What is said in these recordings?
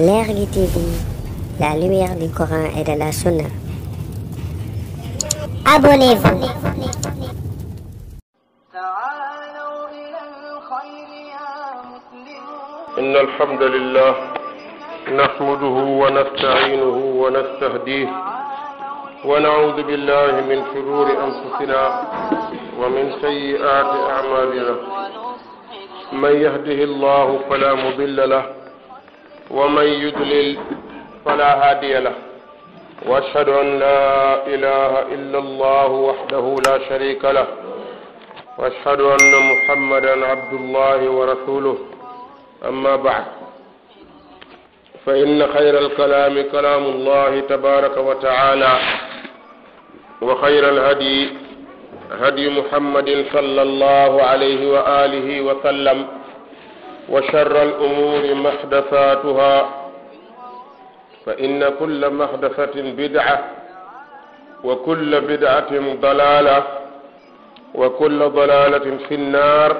L'Airly TV, la lumière du Coran et de la Sunna. Abonnez-vous. إن الحمد لله نحمده ونستعينه ونستهديه ونعوذ بالله من شرور أنفسنا ومن سيئات أعمالنا من يهده الله فلا مضل له ومن يدلل فلا هادي له واشهد ان لا اله الا الله وحده لا شريك له واشهد ان محمدا عبد الله ورسوله اما بعد فان خير الكلام كلام الله تبارك وتعالى وخير الهدي هدي محمد صلى الله عليه واله وسلم وشر الأمور محدثاتها فإن كل محدثة بدعة وكل بدعة ضلالة وكل ضلالة في النار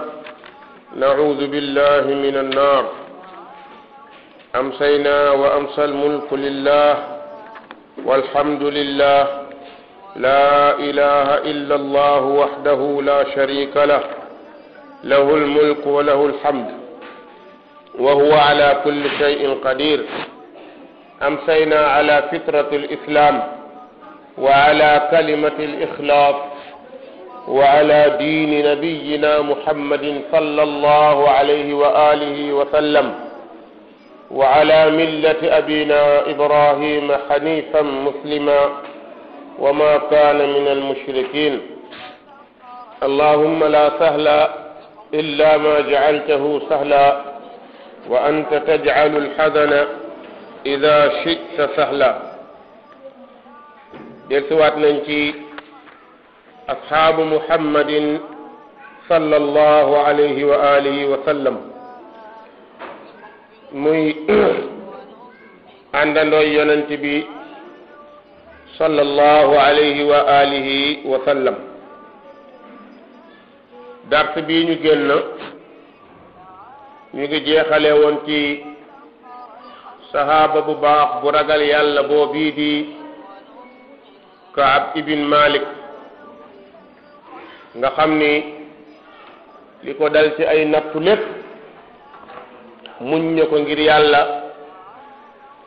نعوذ بالله من النار أمسينا وأمسى الملك لله والحمد لله لا إله إلا الله وحده لا شريك له له الملك وله الحمد وهو على كل شيء قدير أمسينا على فطرة الإسلام وعلى كلمة الإخلاص وعلى دين نبينا محمد صلى الله عليه وآله وسلم وعلى ملة أبينا إبراهيم حنيفا مسلما وما كان من المشركين اللهم لا سهل إلا ما جعلته سهلا وأنت تجعل الحزن إذا شئت سهلا يسوات ننتي أصحاب محمد صلى الله عليه وآله وسلم مي عندنا يننتي بي صلى الله عليه وآله وسلم درس بي نجلنا ñu ngi jeexale woon ci sahaaba bu baax bu ragal yàlla boo bii di Kaab ibn Malik nga xam ni li ko dal ci ay nattu lépp muñ na ko ngir yàlla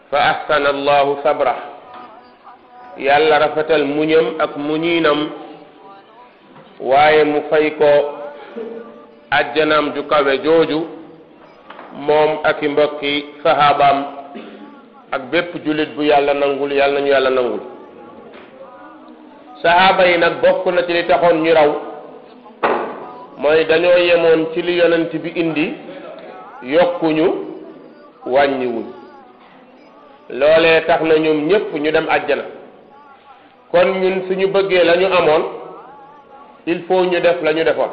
fa ahsana allahu sabra yàlla rafetal muñam ak muñiinam waaye mu fay ko ajjanam ju kawe jooju moom ak i mbokki saxaabaam ak bépp jullit bu yàlla nangul yàlla nañu yàlla nangul saxaaba yi nag bokk na ci li taxoon ñu raw mooy dañoo yemoon ci li yonent bi indi yokkuñu wàññiwuñ loolee tax na ñoom ñëpp ñu dem àjjana kon ñun ñu bëggee lañu amoon il faut ñu def la ñu defoon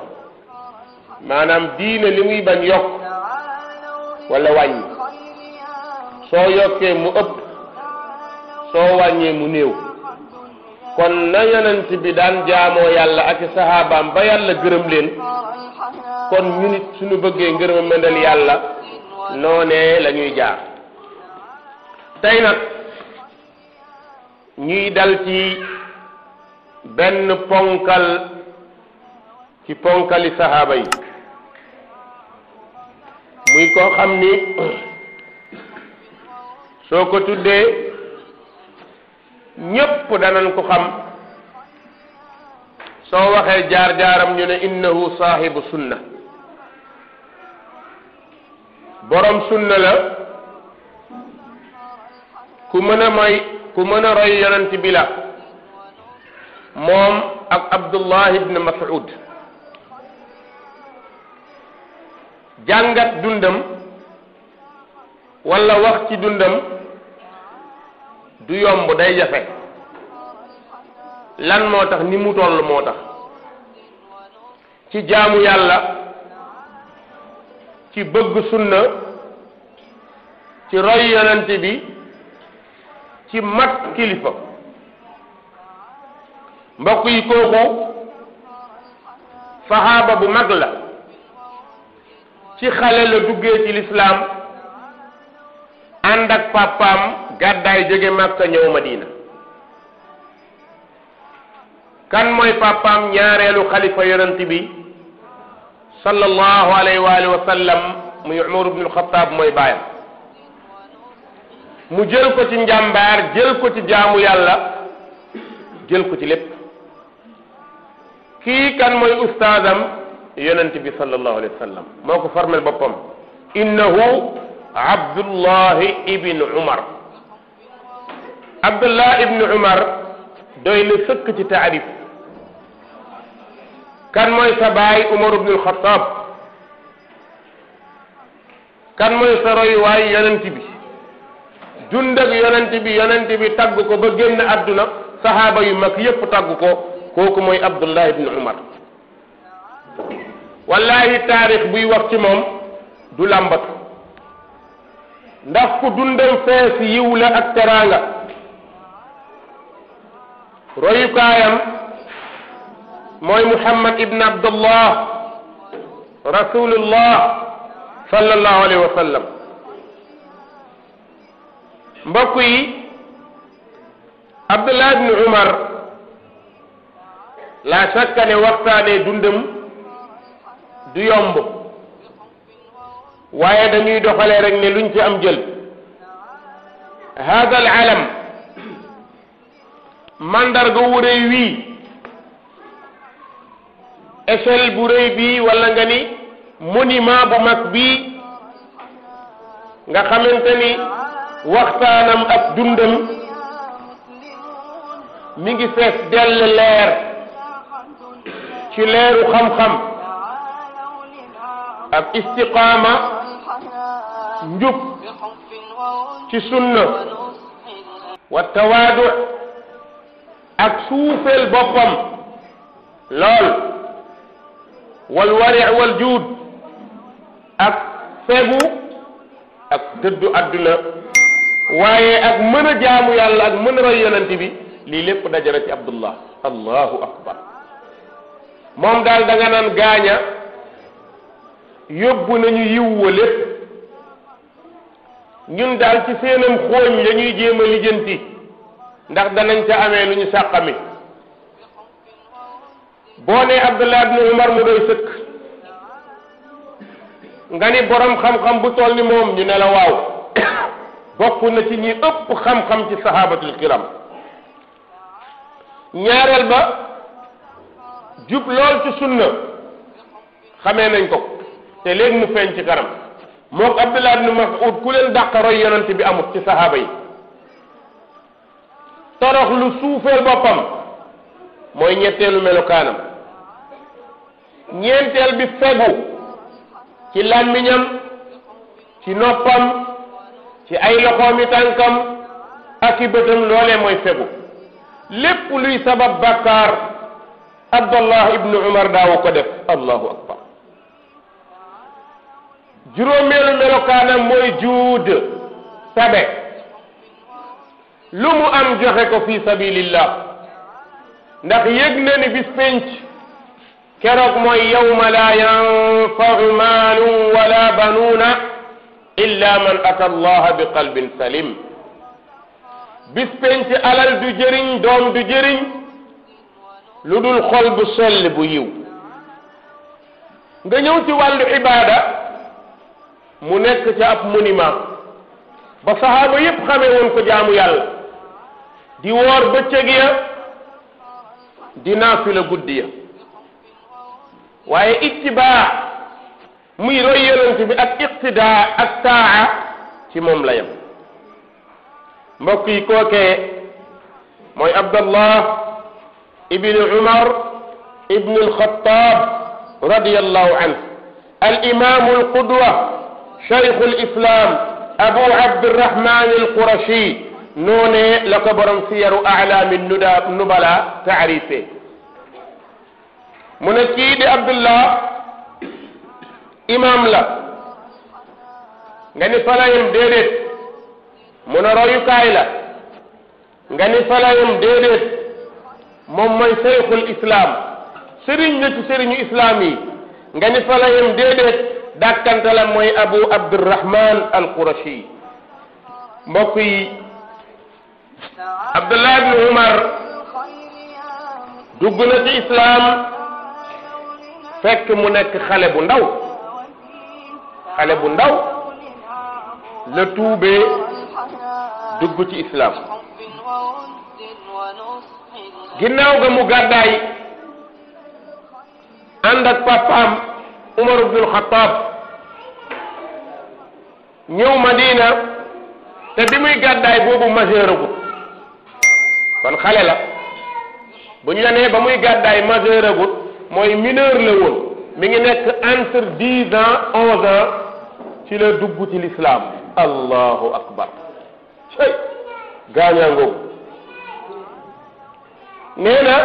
maanaam diine li muy bañ yokk wala wàññi soo yokkee mu ëpp soo wàññee mu néew kon na yonent bi daan jaamoo yàlla ak sahabaam ba yàlla gërëm leen kon ñu suñu bëggee ngërëma mëndal yàlla noonee la jaar tey nag ñuy dal ci benn ponkal ci ponkali sahaaba yi muy koo xam ni soo ko tuddee ñépp danañ ko xam soo waxee jaar-jaaram ñu ne innahu saahibu sunna borom sunna la ku mën may ku mën a roy yonent bi moom ak abdullahi ibn mas'ud jàngat dundam walla wax ci dundam du yomb day jafe lan moo tax ni mu toll moo tax ci jaamu yàlla ci bëgg sunna ci roy yonante bi ci mat kilifa mbokk yi kooku saxaaba bu mag la ci xale la duggee ci lislaam ànd ak papaam gàddaay jóge Makka ñëw Madina kan mooy papaam ñaareelu xalifa yonent bi sallallahu alayhi wa alihi wa sallam muy Umar ibn al-Khattab moy baye mu jël ko ci njambar jël ko ci jaamu yàlla jël ko ci lépp ki kan moy ustaazam yonent bi sallallahu alayhi wa sallam moo ko formel boppam innahu abdullahi ibn umar abdullah ibn umar doy la sëkk ci taarif kan mooy sa baay umar ibn alxataab kan mooy sa roy waay yonent bi dund ak yonent bi yonent bi tagg ko ba génn àdduna sahaaba yu mag yépp tagg ko kooku mooy abdullah ibn umar wallahi tarikh buy wax ci mom du lambat ndax ku dundal fess yiw la ak roy kayam moy muhammad ibn abdullah rasulullah sallallahu alayhi wasallam mbok yi abdullah ibn umar la shakka ne waxtane dundam du yomb waaye dañuy doxalee rek ne luñ ci am jël hada al alam mandarga rëy wii échelle bu rëy bii wala nga ni monument bu mag bii nga xamante ni waxtaanam ak dundam mi ngi fees dell leer ci leeru xam-xam ak istiqaama njub ci sunna wa tawaadu ak suufeel boppam lool wal wari wal juud ak fegu ak dëddu àdduna waaye ak mën a jaamu yàlla ak mën a roy yonent bi lii lépp dajara ci abdullah allahu akbar moom daal da nga naan gaaña yóbbu nañu yiw wa ñun daal ci seenam xooñ la ñuy a lijjanti ndax danañ ca amee lu ñu sàqami boo ne Abdullah ibn Umar mu doy sëkk nga ni borom xam-xam bu toll ni moom ñu ne la waaw bokk na ci ñi ëpp xam-xam ci sahabatul kiram ñaareel ba jub lool ci sunna xamee nañ ko te léegi mu feeñ ci kanam mook abdullah ibn mas'ud ku leen dàq roy yonent bi amut ci sahaaba yi torox lu suufeel boppam mooy ñetteelu melokaanam ñeenteel bi fegu ci làmmiñam ci noppam ci ay loxoomi tànkam ak i mooy fegu lépp luy sabab bàkkaar abdullah ibnu umar daawu ko def allahu akbar juróomeelu melokaanam mooy juud tabe lu mu am joxe ko fi sabilillah ndax yëg na ni bis penc keroog mooy yawma la yanfau malu wala banuuna illa man ata allaha bi qalbin salim bis penc alal du jëriñ doom du jëriñ lu dul xol bu sell bu yiw nga ñëw ci wàllu ibaada mu nekk ci ab monument ba sahaba yépp xame woon ko jaamu yàlla di woor bëccëg ya di naafila guddi ya waaye ittibaa muy roy yonent bi ak iqtidaa ak taa ci moom la yam mbokk yi kookee mooy abdallah ibnu umar ibnu alxataab radiallahu anhu al imaamu alqudwa شيخ الإسلام أبو عبد الرحمن القرشي نوني لكبرم سير أعلام النبلاء تعريفه من كيد عبد الله إمام لا nga ni falayam déedéet mu ne royukaay la nga ni falayam déedéet moom mooy seyxul islaam sëriñ la ci sëriñu islaam yi nga ni falayam déedéet dàkkantalam mooy abu abdurrahman al qurashi mbokk yi abdullah ibn umar dugg na ci fekk mu nekk xale bu ndaw ndaw la tuubee dugg ci islaam ginnaaw ga mu gàddaay ànd ak papaam عمر بن الخطاب نيو مدينة تدمي قداي بوبو مزيرو كون خالي لا بو نيو ني باموي قداي مزيرو موي مينور لا وون ميغي نيك انتر 10 ان 11 ان سي لا دوبو تي الاسلام الله اكبر شي غانيانغو نينا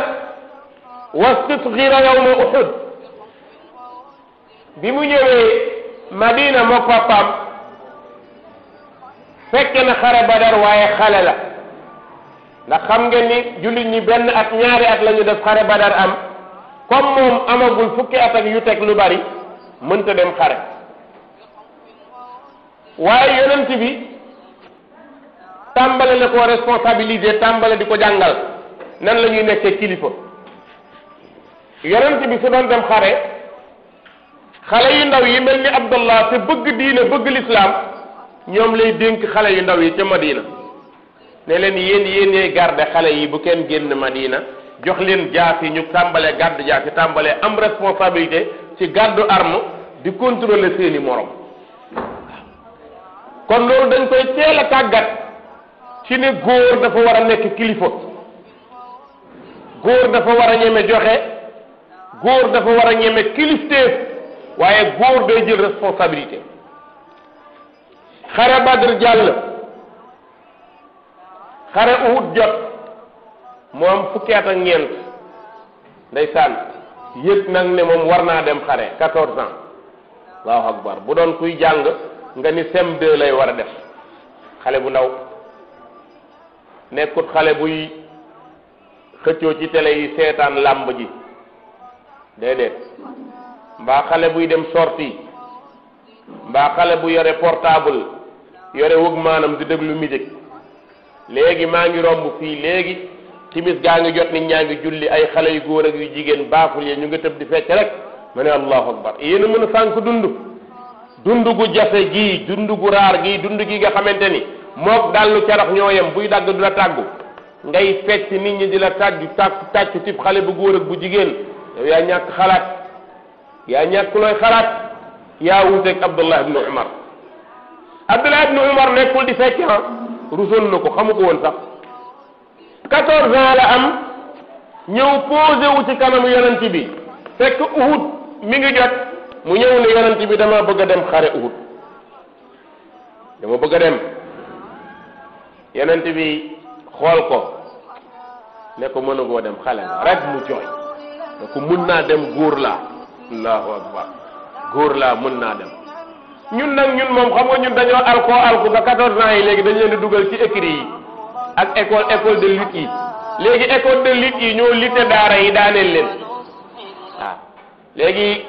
واستصغير يوم احد bi mu ñëwee Madina moo papaam fekk na xare Badar waaye xale la ndax xam nga ni jullit ñi benn at ñaari at la def xare Badar am comme moom amagul fukki at ak yu teg lu bari mënta dem xare waaye yonent bi tàmbale la ko responsabiliser tàmbale di ko jàngal nan la ñuy nekkee kilifa yonent bi su doon dem xare xale yu ndaw yi mel ni abdallah te bëgg diine bëgg lislaam ñoom lay dénk xale yu ndaw yi ca madina ne leen yéen yéenee garde xale yi bu kenn génn madina jox leen jaas yi ñu tàmbale gàddu jaas yi tàmbalee am responsabilité ci gàddu arme di contrôler seeni morom kon loolu dañ koy teel tàggat ci ne góor dafa war a nekk kilifa góor dafa war a ñeme joxe góor dafa war a ñeme kilifteef waaye góor day jël responsabilité xare Badr jàll xare Uhud jot mu am fukki at ak ñeent ndeysaan yëg nag ne moom war naa dem xare 14 ans allahu akbar bu doon kuy jàng nga ni CM2 lay war a def xale bu ndaw nekkut xale buy xëccoo ci télé yi seetaan làmb ji déedéet mbaa xale buy dem sortie mbaa xale bu yore portable yore wëg maanam di déglu musique léegi maa ngi romb fii léegi timis gaa ngi jot nit ñaa ngi julli ay xale yu góor ak yu jigéen baaxul yi ñu nga tëb di fecc rek ma ne allahu akbar yéen a mën a sànq dund dund gu jafe gii dund gu raar gii dund gi nga xamante ni mook dallu carax ñoo yem buy dagg du la tàggu ngay fecc nit ñi di la tàggu tàcc tàcc tib xale bu góor ak bu jigéen yow yaa ñàkk xalaat yaa ñàkk looy xalaat yaa wuuteeg Abdullah ibnu Umar Abdullah ibnu Umar nekkul di fecc ah rusoon na ko xamu ko woon sax 14 am ñëw posé wu ci kanamu yonent bi fekk Uhud mi ngi jot mu ñëw ne yonent bi dama bëgg a dem xare Uhud dama bëgg a dem yenent bi xool ko ne ko mënugoo dem xale nga rek mu jooy ne ko mun naa dem góor laa. allahu akbar góor laa mën naa dem ñun nag ñun moom xam nga ñun dañoo alko alko ba 14 ans yi léegi dañ leen di dugal ci écrit yi ak école école de lutte yi léegi école de lutte yi ñoo lutte daara yi daaneel leen waaw léegi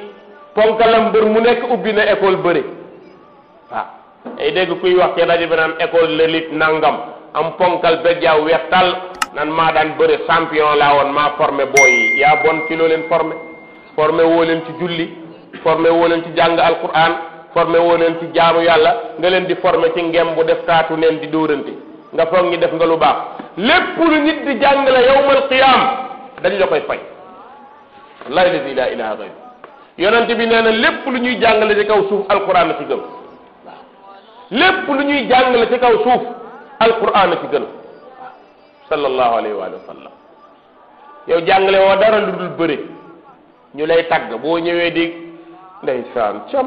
ponkalam bër mu nekk ubbi na école waaw dégg kuy wax bi naan école de lutte nangam am ponkal ba jaaw nan maa daan bëre champion laa woon maa formé booy yi yaa bon ci loo leen formé woo leen ci julli formé woo leen ci jàng alquran formé woo leen ci jaamu yàlla nga leen di formé ci ngem bu def taatu neen di dóorante nga foog ñi def nga lu baax lépp lu nit di jàngale yawmal qiyaam dañ la koy fay lay lasi laa ilaha gayr yonente bi nee na lépp lu ñuy jàngale ci kaw suuf alquran a ci gën waaw lépp lu ñuy jàngale ci kaw suuf alquran a ci gën waaw sallallahu alayhi wa sallam yow jàngale woo dara lu dul bëre ñu lay tagg boo ñëwee di ndeysaan cam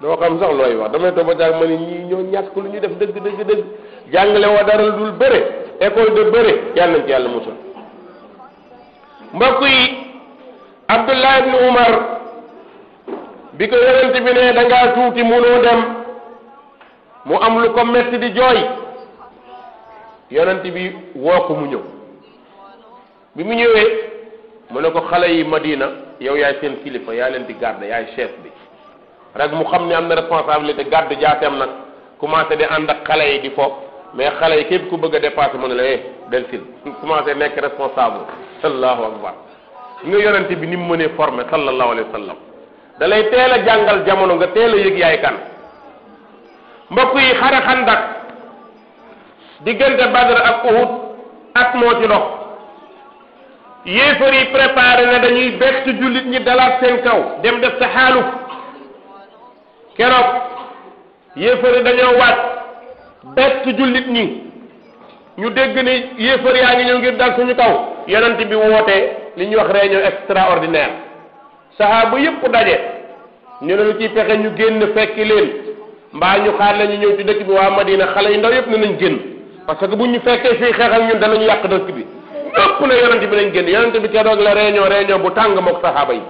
doo xam sax looy wax damay toog a ma ne ñii ñoo ñàkk lu ñu def dëgg dëgg dëgg jàngale wa dara dul bëre école de bëre yàlla nañ ci yàlla musul mbokk mu Abdullah ibn ko yonent bi ne da ngaa tuuti munoo dem mu am lu ko metti di jooy yonent bi woo mu ñëw bi mu ñëwee. mu ne ko xale yi Madina yow yaay seen kilifa yaa leen di garde yaay chef bi rek mu xam ne am na responsabilité garde jaateem nag commencé di ànd ak xale yi di fo mais xale yi képp ku bëgg a dépassé mu ne la eh del sil commencé nekk responsable sallallahu akbar nga yorante bi ni mu mënee formé sallallahu alayhi wa sallam da lay teel a jàngal jamono nga teel a yëg yaay kan mbokk yi xare xandak diggante Badr ak Uhud at moo ci dox yéefar yi préparé na dañuy bett jullit ñi dalaat seen kaw dem def sa xaalu keroog yéefar yi dañoo waat bett jullit ñi ñu dégg ne yéefar yaa ngi ñëw ngir dal suñu kaw yonent bi woote li ñuy wax réunion extraordinaire sahaba yépp daje ñu ne lu ciy fexe ñu génn fekki leen mbaa ñu xaar la ñu ñëw ci dëkk bi waa madina xale yu ndaw yépp ne nañ génn parce que bu ñu fekkee fii xeexal ñun danañu yàq dëkk bi ñëpp la yonent bi lañ génn yonent bi keroog la réunion réunion bu tàng mook saxaaba yi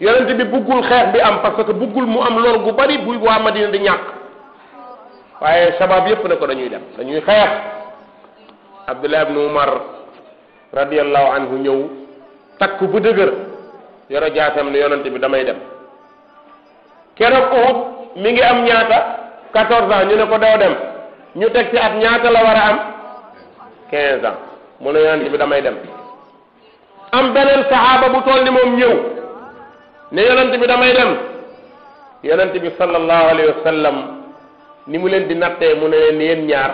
yonent bi buggul xeex bi am parce que buggul mu am lor gu bari bu waa madina di ñàkk waaye sabab yépp ne ko dañuy dem dañuy xeex abdullah ibn umar radiallahu anhu ñëw takk bu dëgër yoro jaatam ne yonent bi damay dem keroog uhud mi ngi am ñaata quatorze ans ñu ne ko doo dem ñu teg ci at ñaata la war a am ans mu ne yonent bi damay dem am beneen saxaaba bu toll ni moom ñëw ne yonent bi damay dem yonent bi sallallahu alayhi wa sallam ni mu leen di nattee mu ne leen yéen ñaar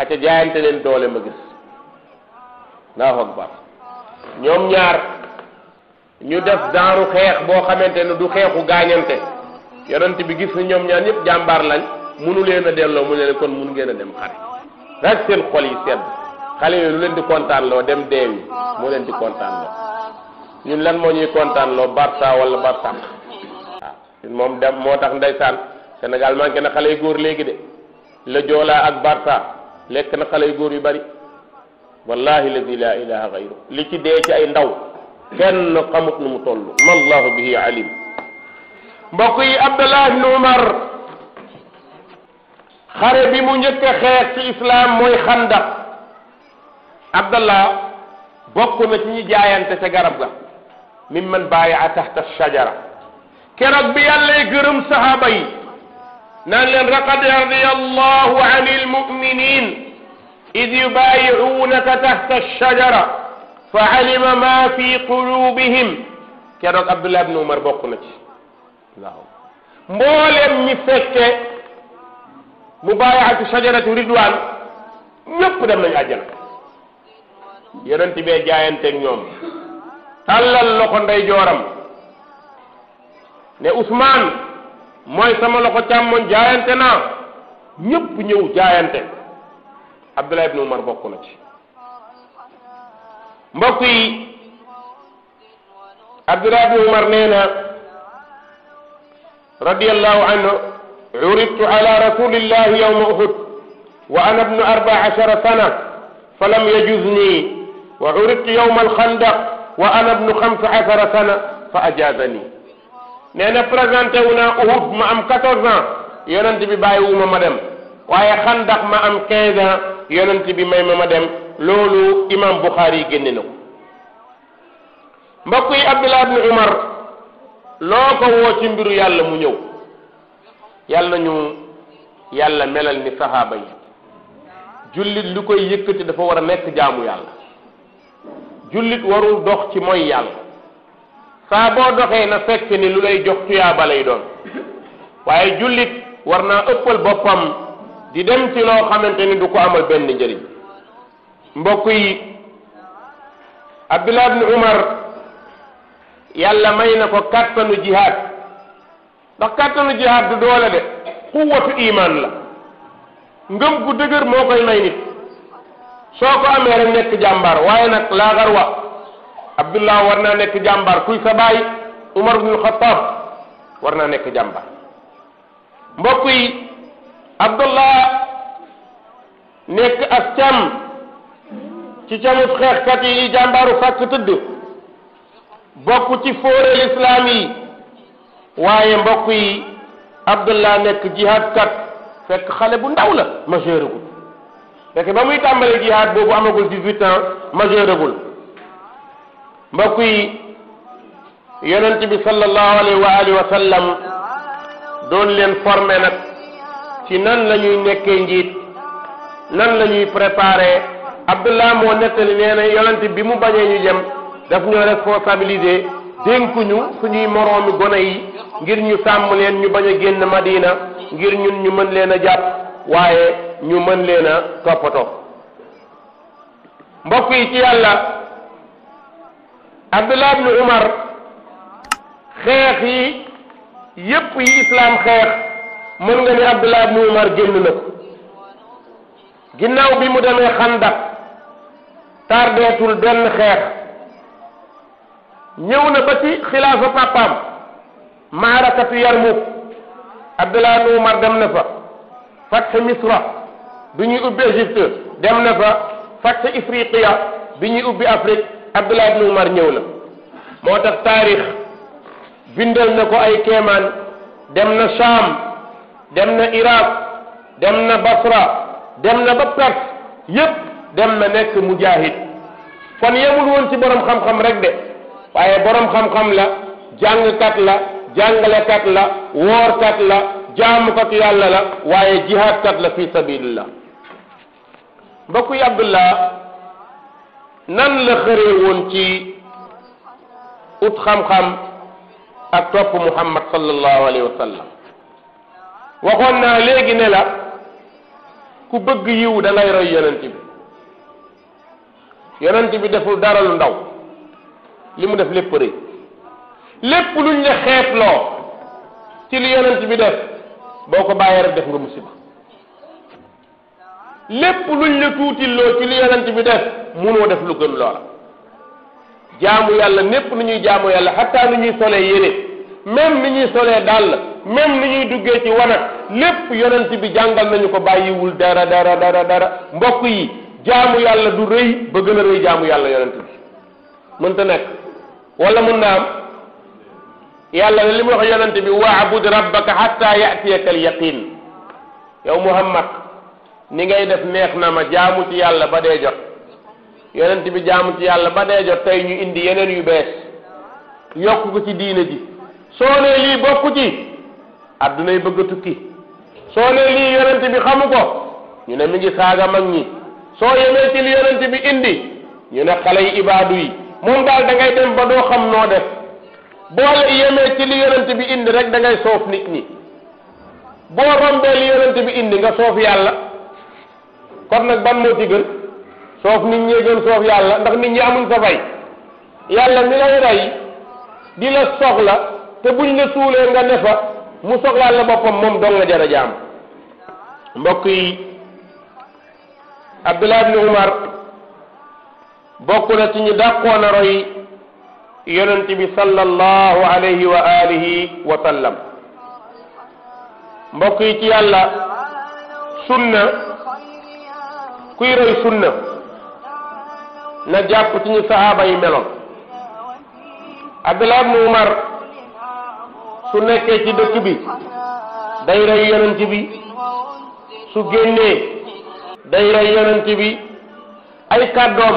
aca jaayante leen doole ma gis allahu akbar ñoom ñaar ñu def daaru xeex boo xamante ne du xeexu gaañante yonent bi gis ni ñoom ñaar ñëpp jàmbaar lañ munu leen a delloo mu ne leen kon mun ngeen a dem xare rek seen xol yi sedd xale yooyu lu leen di kontaanloo dem deewi moo leen di kontaanloo ñun lan moo ñuy kontaanloo Barça wala Barsax waaw ah, moom dem moo tax ndeysaan Sénégal manqué na xale yu góor léegi de la Joola ak Barça lekk na xale yu góor yu bari wallahi ladi la ilaha gayru li ci dee ci ay ndaw kenn xamut nu mu toll wallahu bihi alim mbokk yi Abdallah ibn Umar xare bi mu njëkk xeex ci islaam mooy xandak abdallah bokku na ci ñi jaayante ca garab ga min man bàyyi taxta shajara keroog bi yàllay gërëm sahaaba yi naan leen raqad radiyallahu anil muminin إذ يبايعونك تحت الشجرة فعلم ما في قلوبهم كرد عبد الله بن عمر بقنا مولم مفك مبايعة شجرة رضوان يقدم من أجنة yonent bee jaayanteeg ñoom tàllal loxo ndey jooram ne Ousmane mooy sama loxo càmmoñ jaayante naa ñépp ñëw jaayante Abdullah ibn Umar bokk na ci mbokk Umar nee na radiyallahu anhu uridtu ala rasulillahi yawma Uhud wa ana ibnu arba ashara sana falam yajuzni وعرضت يوم الخندق وانا ابن خمس عشر سنة فاجازني نانا برزانتي ونا اهود ما ام كتوزا يننتي بباي وما مدم وايا خندق ما ام كيزا يننتي بماي مدم لولو امام بخاري جننو مبقي عبد الله بن عمر loko wo ci mbiru yalla mu ñew yalla ñu yalla melal ni sahaba yi julit lu koy yëkëti dafa wara nekk jaamu yalla jullit warul dox ci mooy yàlla saa boo doxee na fekk ni lu lay jox tuyaaba lay doon waaye jullit war naa ëppal boppam di dem ci loo xamante ni du ko amal benn njëriñ mbokk yi Abdullah ibn Umar yàlla may na ko kàttanu jihaad ndax kàttanu jihaad du doole de xuwatu imaan la ngëm gu dëgër moo koy may nit soo ko amee nekk jàmbaar waaye nag laa garwa abdullah war naa nekk jàmbaar kuy sa umar ibnul xataab war nekk jàmbaar mbokk yi abdullah nekk ak cam ci camut xeexkat yi jàmbaaru fàkk tëdd bokk ci fóore lislaam yi waaye mbokk yi abdullah nekk jihaadkat fekk xale bu ndaw la majeuragul parce que ba muy tàmbale jihaad boobu amagul 18 ans majeuragul mbokk yi yonent bi sallallahu alayhi wa alihi wa doon leen formé nag ci nan lañuy ñuy nekkee njiit nan la ñuy préparé Abdullah moo nettali nee yonent bi mu bañee ñu jëm daf ñoo responsabilisé dénkuñu suñuy moroomi gone yi ngir ñu sàmm leen ñu bañ a génn Madina ngir ñun ñu mën leen a jàpp waaye ñu mën leena a toppatoo mbokk yi ci yàlla abdullah ibnu umar xeex yi yépp yi islam xeex mën nga ni abdullah ibnu umar génn na ko ginnaaw bi mu demee xandak tardeetul benn xeex ñëw na ba ci xilaafa papaam maarakatu yarmuk abdullah ibnu umar dem na fa fatxe misra bi ñuy ubbi Égypte dem na fa fàtte Ifriqiya bi ñuy ubbi Afrique Abdullah ibn Umar ñëw na moo tax taarix bindal na ko ay kéemaan dem na Sham dem na Iraq dem na Basra dem na ba Perse yépp dem na nekk mujahid kon yemul woon ci borom xam-xam rek de waaye borom xam-xam la jàngkat la jàngalekat la woorkat la jaamukat yàlla la waaye jihaadkat la fi sabilillah mbokk yi Abdullah nan la xëree woon ci ut xam-xam ak topp Muhammad sallallahu alayhi wa waxoon naa léegi ne la ku bëgg yiw da ngay roy yonent bi yonent bi deful dara lu ndaw li mu def lépp rëy lépp luñ la xeetloo ci li yonent bi def boo ko bàyyee rek def nga musiba lépp luñ la tuutilloo ci li yonent bi def munoo def lu gën loola jaamu yàlla népp nu ñuy jaamu yàlla xataa nu ñuy solee yére même ni ñuy solee dàll même ni ñuy duggee ci wanag lépp yonent bi jàngal nañu ko bàyyiwul dara dara dara dara mbokk yi jaamu yàlla du rëy ba gën a rëy jaamu yàlla yonent bi mënta nekk wala mun naa am yàlla li mu wax yonent bi waabud rabbaka xatta yatiyaka al yaqin yow muhammad ni ngay def neex na ma jaamu ci yàlla ba dee jot yonent bi jaamu ci yàlla ba dee jot tey ñu indi yeneen yu bees yokk ko ci diine ji soo nee lii bokk ci addunay bëgg a tukki soo nee lii yonent bi xamu ko ñu ne mi ngi saaga mag ñi soo yemee ci li yonent bi indi ñu ne xale yi ibaadu yi moom daal da ngay dem ba doo xam noo def boo lay yemee ci li yonent bi indi rek da ngay soof nit ñi boo rombee li yonent bi indi nga soof yàlla kon nag ban moo ci soof nit ñee gën soof yàlla ndax nit ñi amuñ sa fay yàlla mi lay rey di la soxla te buñ la suulee nga ne fa mu soxlaal la boppam moom dong nga jar jaam mbokk yi Abdullah ibn Umar bokk na ci ñu dàqoon a roy yonent bi sallallahu alayhi wa alihi wa sallam mbokk yi ci yàlla sunna kuy roy sunna na jàpp ci ñu sahaaba yi meloon abdullah umar su nekkee ci dëkk bi day roy yonent bi su génnee day roy yonent bi ay kàddoom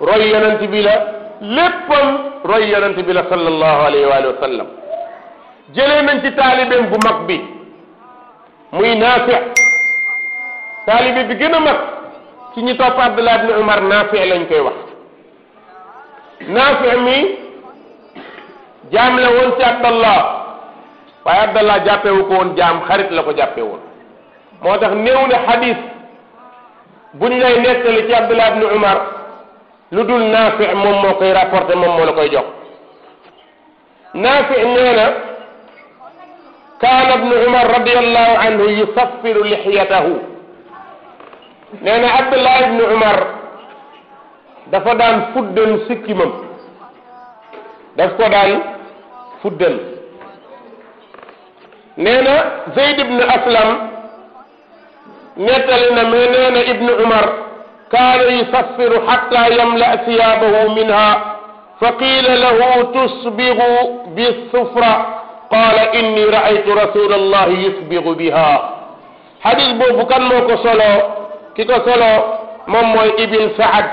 roy yonent bi la léppam roy yonent bi la sallallahu alayhi wa sallam jëlee nañ ci bu mag bi muy naafi taalibe bi gën a ci ñi topp abdullah ibn umar nafi lañ koy wax nafi mi jaam la woon ci abdallah waaye abdallah jàppewu ko won jam xarit la ko jàppe won motax tax néew ne hadith buñ lay nekkal ci abdullah ibn umar ludul nafi mom mo koy rapporter mom mo la koy jox nafi neena na ابن عمر رضي الله عنه يصفر لحيته nee na abdullah ibnu umar dafa daan fuddal sikkimam daf ko daan fuddal nee na zeyd ibnu aslam nettali na mais nee na ibnu umar kaana yusaffiru xatta yamla siyaabahu minha fa qiila lahu tusbigu bisufra qaala inni raaytu rasula allahi yusbigu biha xadis boobu kan moo ko soloo ki ko solo moom mooy ibn saad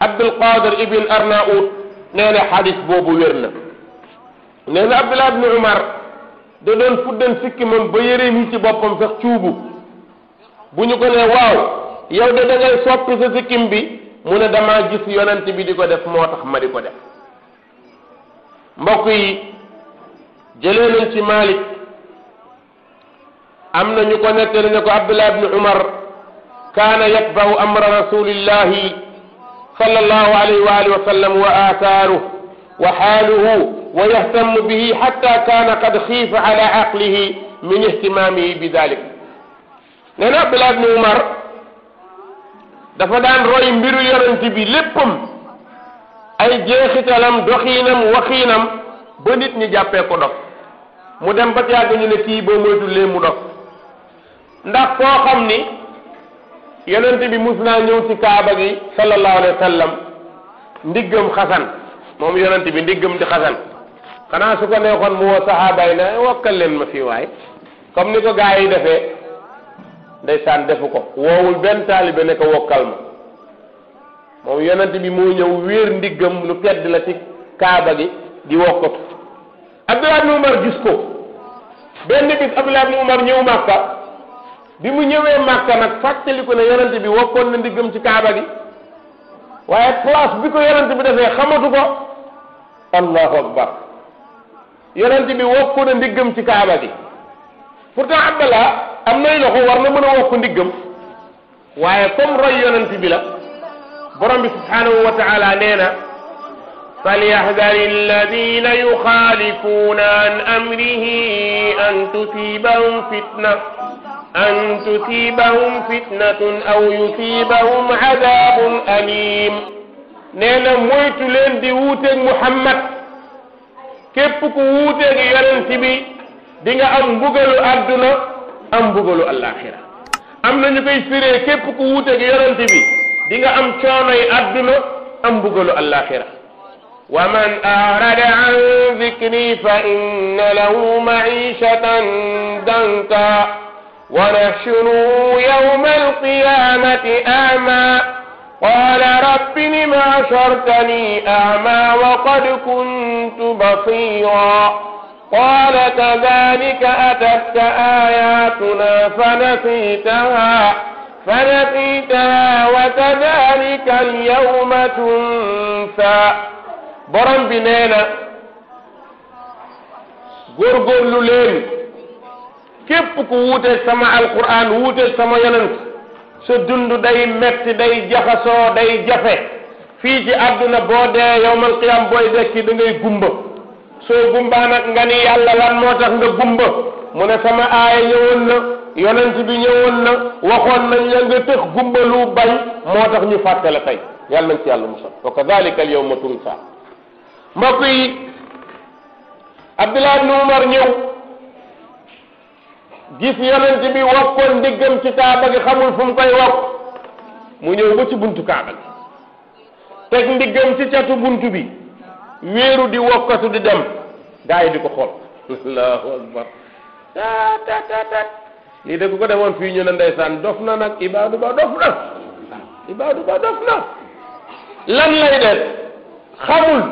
abdul qadir ibn arnaout nee na xadis boobu wér na nee na abdullah ibn umar da doon fuddan sikki ba yëreem yi ci boppam sax cuubu bu ñu ko ne waaw yow de da ngay sa sikkim bi mu ne damaa gis yonent bi di ko def moo tax ma di ko def mbokk yi jëlee nañ ci malik am na ñu ko nettali ne ko abdullah ibn umar كان يكبأ أمر رسول الله صلى الله عليه وآله وسلم وآثاره وحاله ويهتم به حتى كان قد خيف على عقله من اهتمامه بذلك نحن بلاد عمر دفا دان روي ميرو يورنتي بي ليبم اي جيختالام دخينم وخينم با نيت ني جابي كو دوخ مو دم با تياغ ني كي با موي دولي مو دوخ ndax ko xamni yonente bi mus naa ñëw ci kaaba gi salallahu alehi wa sallam ndiggam xasan moom yonente bi ndiggam di xasan xanaa su ko neexoon mu woo sahaaba yi ne wokkal leen ma fii waay comme ni ko gaa yi defee ndeysaan defu ko woowul benn taalibe ne ko wokkal ma moom yonente bi moo ñëw wér ndiggam lu pedd la ci kaaba gi di wokkatu abdulah bni umar gis ko benn bis abdulah bni umar ñëw màkka bi mu ñëwee màkka nag fàttaliku ne yonent bi wokkoon na ndiggam ci kaaba gi waaye place bi ko yonent bi defee xamatu ko allahu akbar yonent bi wokku na ndiggam ci kaaba gi pourtant abdallah am nay loxo war na mën a wokku ndiggam waaye comme roy yonent bi la borom bi subhanahu wa taala nee na فليحذر الذين يخالفون عن أمره أن تصيبهم فتنة أن تصيبهم فتنة أو يصيبهم عذاب أليم نانا مويت لين دي ووتك محمد كيفك ووتك يرنتبي ديغا أم بغلو أدنا أم بغلو الآخرة أم نجفي سيري كيفك ووتك يرنتبي ديغا أم تشاني أدنا أم بغلو الآخرة ومن أعرض عن ذكري فإن له معيشة ضنكا ونحشره يوم القيامة أعمى قال رب لم عشرتني أعمى وقد كنت بصيرا قال كذلك أتت آياتنا فنسيتها فنسيتها وكذلك اليوم تنسى برم بنينا غرغر لليل képp ku wuuteeg sama alquran wuuteeg sama yonent sa dund day metti day jaxasoo day jafe fii ci àdduna boo dee yowmal qiyam booy dekki da ngay gumba soo gumbaa nag nga ni yàlla lan moo tax nga gumba mu ne sama aaya ñëwoon na yonent bi ñëwoon na waxoon nañ la nga tëx gumba lu bañ moo tax ñu fàtte la tey yàlla nañ ci yàlla musal wa kadalika al yawma tunsa mbokk yi Abdullah ibn Umar ñëw gis yonent bi wokkoon ndiggam ci kaaba gi xamul fu mu koy wokk mu ñëw ba ci buntu kaaba gi teg ndiggam ci catu bunt bi wéeru di wokkatu di dem gaa yi di ko xol allahu akbar tat tat tat lii de ku ko defoon fii ñu ne ndeysaan dof na nag ibaadu ba dof na ibaadu ba dof na lan lay def xamul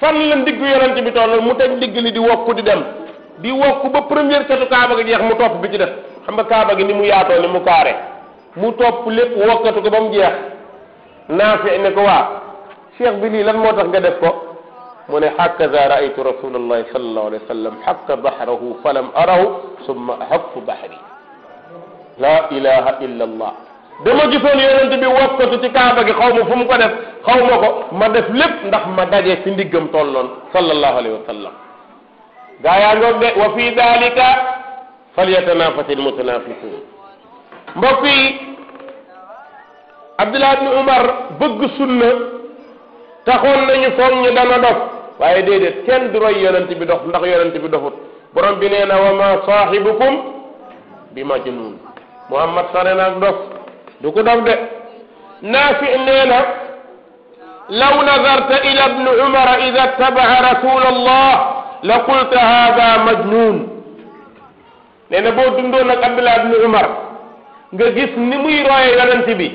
fan la ndiggu yonent bi toll mu teg ndigg li di wokku di dem di wokk ba première setu kaaba gi jeex mu topp bi ci def xam nga kaaba gi ni mu yaatoo ni mu kaare mu top lépp wokkatu gi ba mu jeex naafi ne ko waa cheikh bi lii lan moo tax nga def ko mu ne hakaza raaytu rasulallahi sallallahu alayhi wa sallam hakka bahrahu falam arahu summa ahaktu bahri la ilaha illa allah dama gisoon yonent bi wokkatu ci kaaba gi xaw fu mu ko def xaw ko ma def lépp ndax ma daje fi ndiggam tolloon sallallahu alayhi wa sallam gaayaangoɓe wa fi dalika falyatanafasi almutanafisun mbokk yi abdullah ibni umar bëgg sunna taxoon nañu foog ñu dana dof waaye déedéet kenn du roy yonent bi dof ndax yonent bi dofut borom bi nee na wa ma saahibukum bi majnun muhammad sare naag dof du ko dof de naafi nee na law nazarta ila ibni umara ida ittabaha rasul allah لقلت هذا مجنون majnun بو دوندو نك عبد الله بن عمر nga gis ni muy roye yonent bi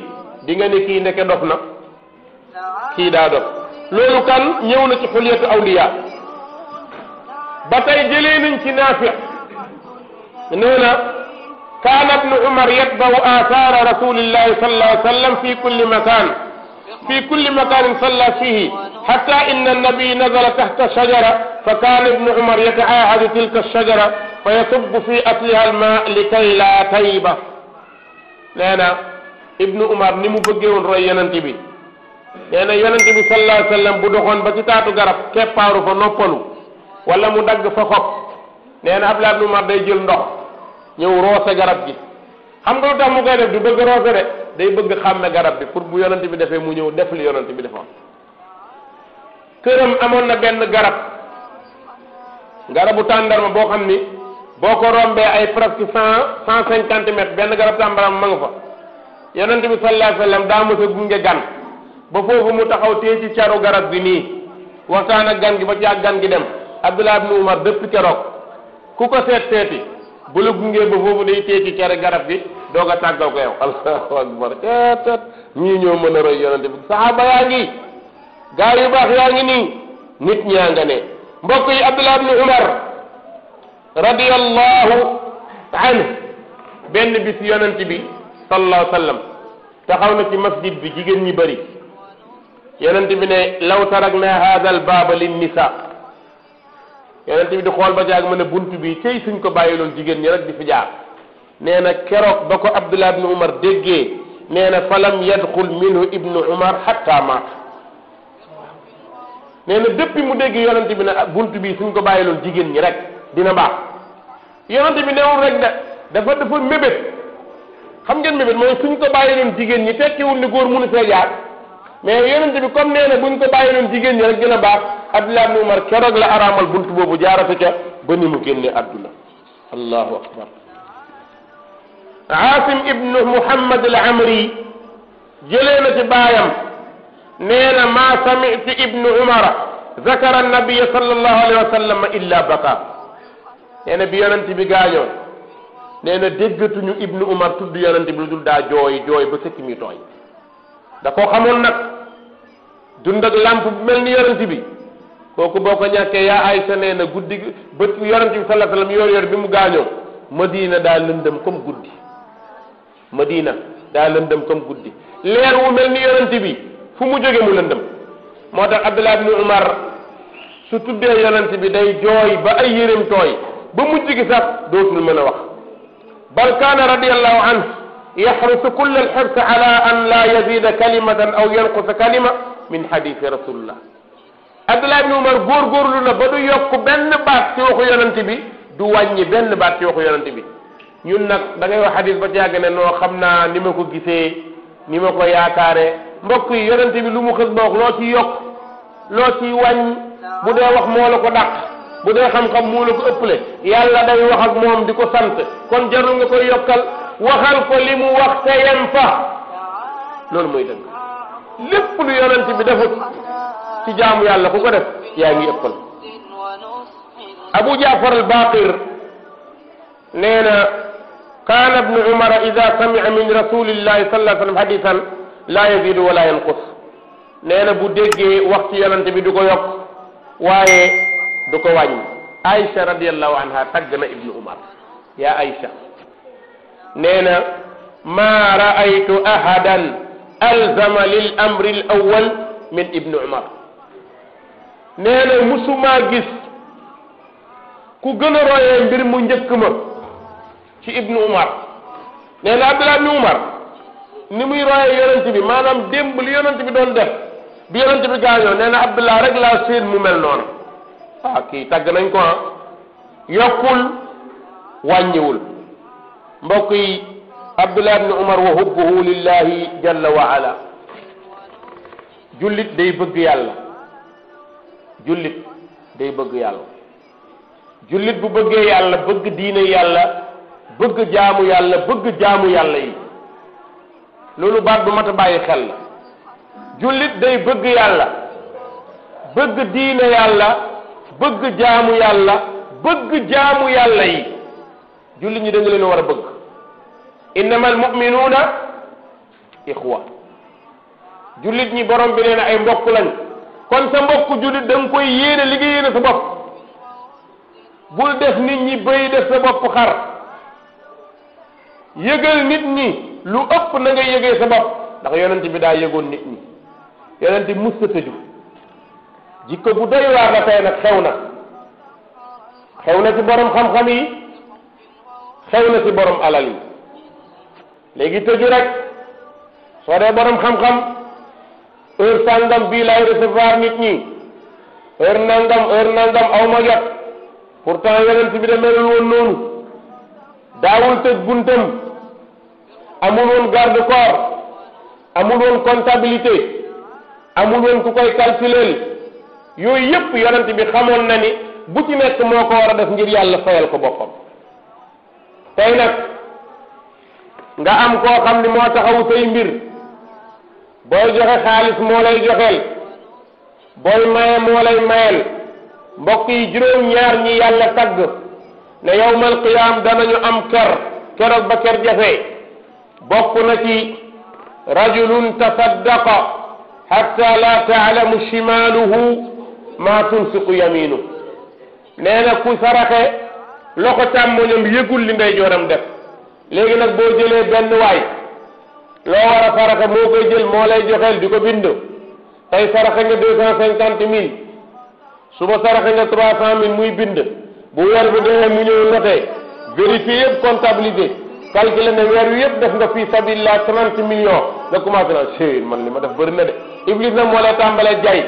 di nga ne ki ndeke dof na kii daa dof lolou kan ñëw na ci khuliyatu awliya batay jele jëlee nañ ci naafi nee kana ibn ibnu umar yatbau athar rasulillahi sallallahu alayhi wasallam fi kulli makan fi kulli makan salla fihi حتى إن النبي نزل تحت شجرة فكان ابن عمر يتعاهد تلك الشجرة فيصب في أصلها الماء لكي لا تيبة لأن ابن عمر نمو بجيون رأي ينتبه لأن ينتبه صلى الله عليه وسلم بدخون بجتات غرف كيف بارو فنوبلو ولا مدق فخب لأن أبلا ابن عمر دي جل نوح يو روسة غرف جي حمد الله مغيرة دي بجي روسة دي بجي خامة غرف دي فربو ينتبه دفع مو نيو دفل ينتبه دفع, دفع, دفع këram amoon na benn garab garabu tàndarma boo xam ni boo ko rombee ay presque cent cent cinquante mètres benn garab tàmbaram ma nga fa yonent bi sallallahu alayhi wasallam daa mos gunge gan ba foofu mu taxaw tee ci caru garab bi nii waxtaan ak gan gi ba caag gan gi dem Abdullah ibn Umar dëpp keroog ku ko seet seeti bu la gungee ba foofu day tee ci caru garab gi doog a tàggal ko yow allahu akbar ñii ñoo mën a roy yonent bi saxaaba yaa ngi gaa yu baax yaa ngi nii nit ñaa nga ne mbokk yi abdullah ibni umar radiyallahu anhu benn bis yonent bi sallallahu alayhi wa sallam taxaw na ci masjid bi jigéen ñi bari yonent bi ne law tarakna hada al baaba linnisa yonent bi di xool ba jaag ma ne bunt bi cey suñ ko bàyyi lool jigéen ñi rek di fi jaar nee na keroog ba ko abdullah ibni umar déggee nee na falam yadxul minhu ibnu umar hatta maata nee na depuis mu dégg yonent bi ne bunt bi suñ ko bàyyiloon jigéen ñi rek dina baax yonent bi newul rek de dafa dafa mébét xam ngeen mébét mooy suñ ko bàyyiloon jigéen ñi tekkiwul ni góor mënu see jaar mais yonent bi comme nee na buñ ko bàyyiloon jigéen ñi rek dina baax Abdullah ibn Umar keroog la araamal bunt boobu jaarata ca ba ni mu génne àdduna allahu akbar عاصم ابن محمد العمري Amri jëlee nee na maa samitu ibnu umara zakara annabiya sallallahu alayhi wa sallam illa baka nee bi yonent bi gaañoon nee na déggatuñu ibnu umar tudd yonent bi lu dul daa jooy jooy ba sëkk mi tooy da koo xamoon nag dund ak làmp bu mel ni yonent bi kooku boo ko ñàkkee yaa Aysa nee na guddi ba yonent bi sallallahu alayhi wa bi mu gaañoo madina daa lëndëm comme guddi madina daa lëndëm comme guddi leer wu mel ni yonent bi fu mu jóge mu lëndëm moo tax Abdullah ibnu Umar su tuddee yonent bi day jooy ba ay yéreem tooy ba mujj gi sax dootul mën a wax bal kaana radiallahu anhu yaxrusu kull alxirs ala an laa yazida kalimatan aw yanqusa kalima min xadisi rasulillah Abdullah ibnu Umar góorgóorlu na ba du yokk benn baat ci waxu yonent bi du wàññi benn baat ci waxu yonent bi ñun nag dangay ngay wax xadis ba ci yàgg ne noo xam naa ni ma ko gisee ni ma ko yaakaare mbokk yi yonent bi lu mu xës ba wax loo ciy yokk loo ciy wàññi bu dee wax moo la ko dàq bu dee xam-xam moo la ko ëppale yàlla day wax ak moom di ko sant kon jarul nga koy yokkal waxal ko li mu wax te yem fa loolu mooy dëgg lépp lu yonent bi defut ci jaamu yàlla ku ko def yaa ngi ëppal abu jaafar al baqir nee na kaana ibnu umara ida sami'a min rasulillahi sallallahu alayhi wa sallam hadisan laa yazidu wala yanqus nee na bu déggee wax ci yonante bi du ko yokk waaye du ko wàññi Aïcha radiallahu anha tagg na ibnu Umar yaa Aïcha nee na maa raaytu ahadan alzama lil amri l awal min ibnu Umar nee na musumaa gis ku gën a royee mbir mu njëkk ma ci ibnu Umar nee na Abdullah ibnu Umar ni muy royee yonent bi maanaam démb li yonent bi doon def bi yonent bi gaañoo nee na Abdullah rek laa séen mu mel noonu waaw ah, kii nañ ko ah yokkul wàññiwul mbokk yi Abdullah Umar wa hubbuhu lillahi jalla wa ala jullit day bëgg yàlla jullit day bëgg yàlla jullit bu bëggee yàlla bëgg diine yàlla bëgg jaamu yàlla bëgg jaamu yàlla yi loolu baat bu mat bàyyi xel la jullit day bëgg yàlla bëgg diine yàlla bëgg jaamu yàlla bëgg jaamu yàlla yi jullit ñi dañu leen war a bëgg innama almuminuuna ixwa jullit ñi borom bi nee na ay mbokk lañ kon sa mbokk jullit da koy yéene li nga sa bopp bul def nit ñi bay def sa bopp xar yëgal nit ñi lu ëpp na nga yëgee sa bopp ndax yonent bi daa yëgoon nit ñi yonent musta tëju jikko bu doy waar la tey nag xew na xew na ci borom xam-xam yi xew na ci borom alal yi léegi tëju rek soo dee borom xam-xam heure sàngam bii lay recevoir nit ñi heure nangam heure nangam aw ma jot pourtant yonent bi da melul woon noonu daawul tëj buntam amul woon garde corps amul woon comptabilité amul woon ku koy calculer yooyu yëpp yonent bi xamoon na ni bu ci nekk moo ko war a def ngir yàlla fayal ko boppam tey nag nga am koo xam ni moo taxawu say mbir booy joxe xaalis moo lay joxeel booy maye moo lay mayel mbokk yi juróom-ñaar ñi yàlla tagg ne yowmal qiyaam danañu am ker keroog ba ker jafee bokk na ci rajulun tasaddaqa hatta la taalamu shimaaluhu ma tunfiqu yaminu nee ku saraxe loxo càmmoñam yëgul li ndeyjooram def léegi nag boo jëlee benn waay loo war a saraxe moo koy jël moo lay joxeel di ko bind tey saraxe nga deux suba saraxe nga trois muy bind bu weer bi demee mu ñëw noté vérifier yëpp comptabilité calculé ne weer wi yëpp def nga fii sabilillah trente millions nga commencé naan sey man li ma def bëri de Iblis nag moo lay tàmbalee jay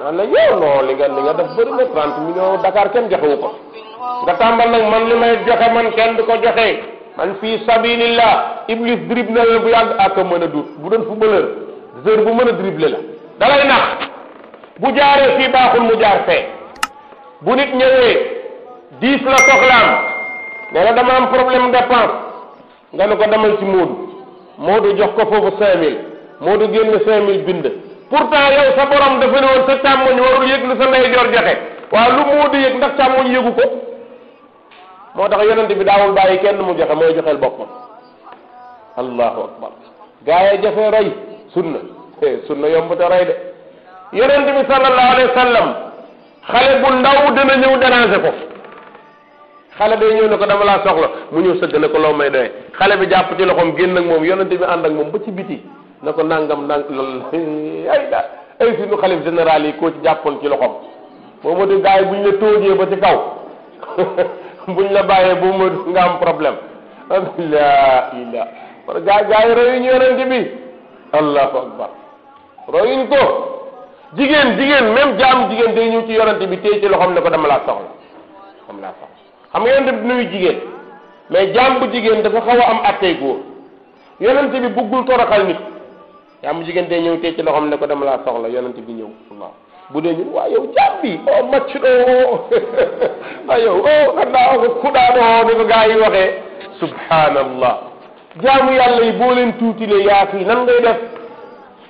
naan la yow non li nga li nga def bëri na trente millions Dakar kenn joxewu ko nga tàmbal nag man li may joxe man kenn du ko joxe man fii sabilillah Iblis dribble la bu yàgg ak mën a dut bu doon footballeur joueur bu mën a dribble la dalay nax bu jaaree fii baaxul mu jaar fee bu nit ñëwee dix la soxlaam nee na dama nga ne ko demal ci Moodu Moodu jox ko foofu cinq mille Moodu génne cinq mille bind pourtant yow sa borom dafa ne woon sa càmmoñ warul yëg lu sa ndeyjoor joxe waaw lu Moodu yëg ndax càmmoñ yëgu ko moo tax yonent bi daawul bàyyi kenn mu joxe mooy joxeel boppam allahu akbar gaa yi jafe roy sunna sunna yomb te roy de yonent bi sallallahu alayhi wa xale bu ndaw dana ñëw déranger ko xale bi ñëw ne ko dama laa soxla mu ñëw sëgg ne ko loo may doy xale bi jàpp ci loxoom génn ak moom yonente bi ànd ak moom ba ci biti na ko nangam nang lool ay da ay suñu xalif général yi koo ci jàppoon ci loxoom boo ma di gars yi buñ la tóojee ba ci kaw buñ la bàyyee bu ma nga am problème la ila par gaa gaa yi royuñ yonente bi allahu akbar royuñ ko jigéen jigéen même jaam jigéen day ñëw ci yonente bi téye ci loxoom ne ko dama soxla soxla xam nga yonent bi nuyu jigéen mais jaam jigéen dafa xaw a am attey góor yonent bi buggul toroxal bu jigéen day ñëw tey ci loxoom ne ko dama laa soxla yonent bi ñëw bu dee ñun waa yow jaam bi o maccuɗo a yow o oh, xanna ko oh, kuɗaaɗo o oh, ni ko gaa yi waxee subhanallah jaamu yàlla yi boo leen tuutilee yaatu yi nan ngay def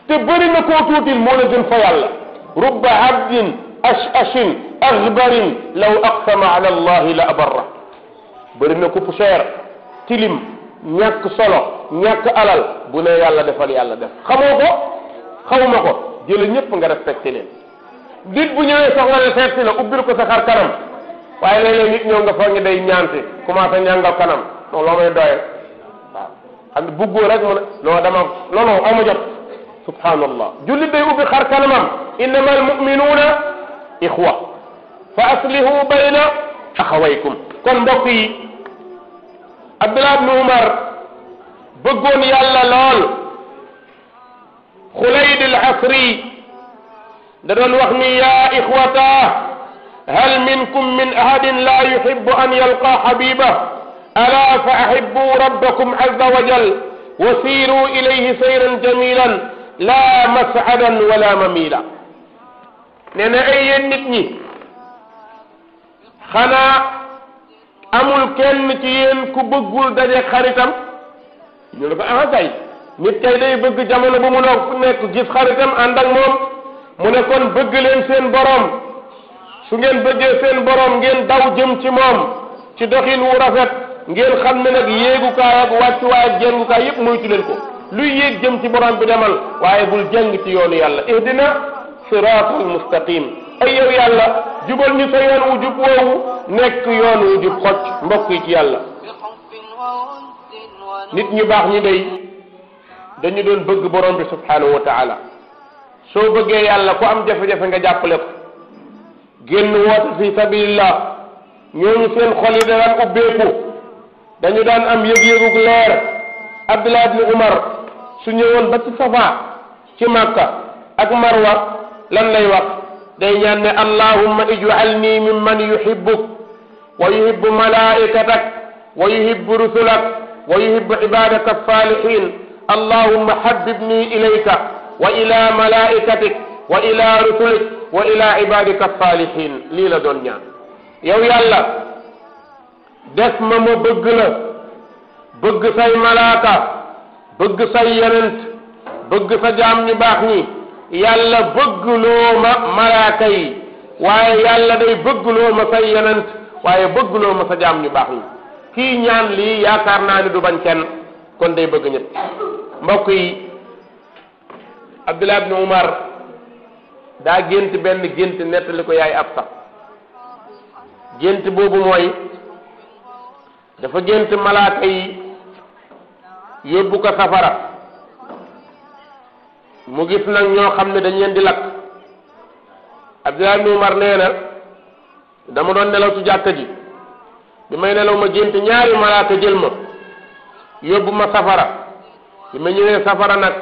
te bëri na koo tuutil moo la gën fa yàlla rubba abdin أشأش أغبر لو أقسم على الله لأبر برمي كفشير تلم نيك صلو نيك ألال بنا يالا دفل يالا دفل خموكو خموكو جيل نيب نغا رسبكت لين ديت بو نيوي سوخنا لي سيرتي لا اوبير كو سخار كانام واي لا لي نيت نيوغا فاغي داي نيانتي كوما سا نو لوماي دوي اند بوغو رك مون لو داما لو لو اوما جوت سبحان الله جولي بي اوبي خار انما المؤمنون إخوة فأصله بين أخويكم كن بقي عبد الله بن عمر بقون يالا لول خليد العصري دون وخني يا إخوتا هل منكم من أحد لا يحب أن يلقى حبيبه ألا فأحبوا ربكم عز وجل وسيروا إليه سيرا جميلا لا مسعدا ولا مميلا nee na ay yéen nit ñi xanaa amul kenn ci yéen ku bëggul daje xaritam ñu ne ko ah kay nit kay day bëgg jamono bu mu noo nekk gis xaritam ànd ak moom mu ne kon bëgg leen seen borom su ngeen bëggee seen borom ngeen daw jëm ci moom ci doxin wu rafet ngeen xam ne nag yéegukaay ak wàccuwaay ak jéngukaay yépp moytu leen ko luy yéeg jëm ci borom bi demal waaye bul jàng ci yoonu yàlla ihdina siraatal mustaqim ay ci yàlla nit baax ñi day dañu bëgg borom bi subhanahu soo bëggee yàlla ku am jafe-jafe nga jàppale ko génn woote fi sabilillah ñooñu seen xol yi daan ubbeeku dañu daan am yëg-yëgug leer abdullah ibni umar su ñëwoon ba ci ci màkka ak marwa لن يوقف اللهم اجعلني ممن يحبك ويحب ملائكتك ويحب رسلك ويحب عبادك الصالحين اللهم حببني اليك والى ملائكتك والى رسلك والى عبادك الصالحين ليلا دنيا يو يالا دسم مامو بغ لا بغ ساي ملائكه يرنت بغ سا جام ني yàlla bëggloo ma malaaka yi waaye yàlla day bëggloo ma say yonent waaye bëggloo ma sa jaam ñu baax yi kii ñaan lii yaakaar naa ni du bañ kenn kon day bëgg ñëpp mbokk yi Abdullah ibn Umar benn gént nettali ko yaay ab sax gént boobu mooy dafa gént malaaka yi yóbbu ko safara mu gis nag ñoo xam ne dañ leen di lakk Abdullah ibn Umar nee na dama doon nelaw ci jàkka ji bi may nelaw ma gént ñaari malaaka jël ma yóbbu ma safara bi ma ñëwee safara nag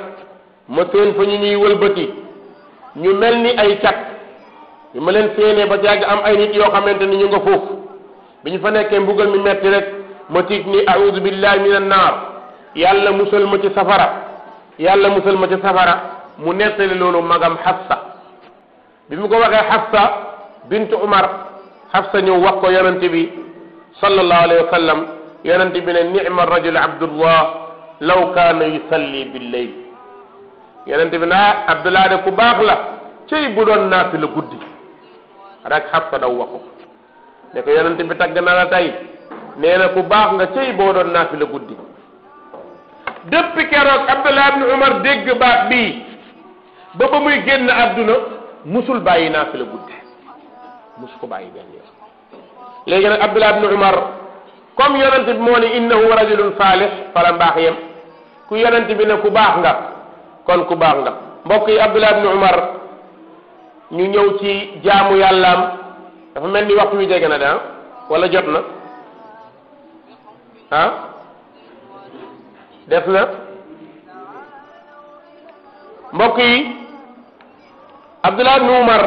ma séen fa ñu ñuy wëlbati ñu mel ni ay cat bi ma leen séenee ba jàgg am ay nit yoo xamante ni ñu nga foofu bi ñu fa nekkee mbugal mi metti rek ma tiit ni a'udhu billahi minan naar yàlla musal ma ci safara yàlla musal ma ci safara mu nettali loolu magam Hafsa bi mu ko waxee Hafsa bint Umar Hafsa ñëw wax ko yonente bi sallallahu alayhi wa sallam yonente bi ne nicma rajul abdullah law kaana yusalli billayl yonente bi naa Abdullah de ku baax la cey bu doon naafi la guddi rek Hafsa daw wax ko ne ko yonente bi tagg na la tey nee na ku baax nga cey boo doon naafi la guddi depuis keroog Abdullah ibn Umar dégg baat bii ba ba muy génn àdduna musul bàyyi naafila guddi musu ko bàyyi benn léegi nag abdullah ibn umar comme yonent bi moo ni innahu rajulun faalix fala mbaax yem ku yonent bi ne ku baax nga kon ku baax nga mbokk yi abdullah ibn umar ñu ñëw ci jaamu yàllaam dafa mel ni waxtu wi jege na daa ah? wala jot na ah def na mbokk yi Abdullah ibn Umar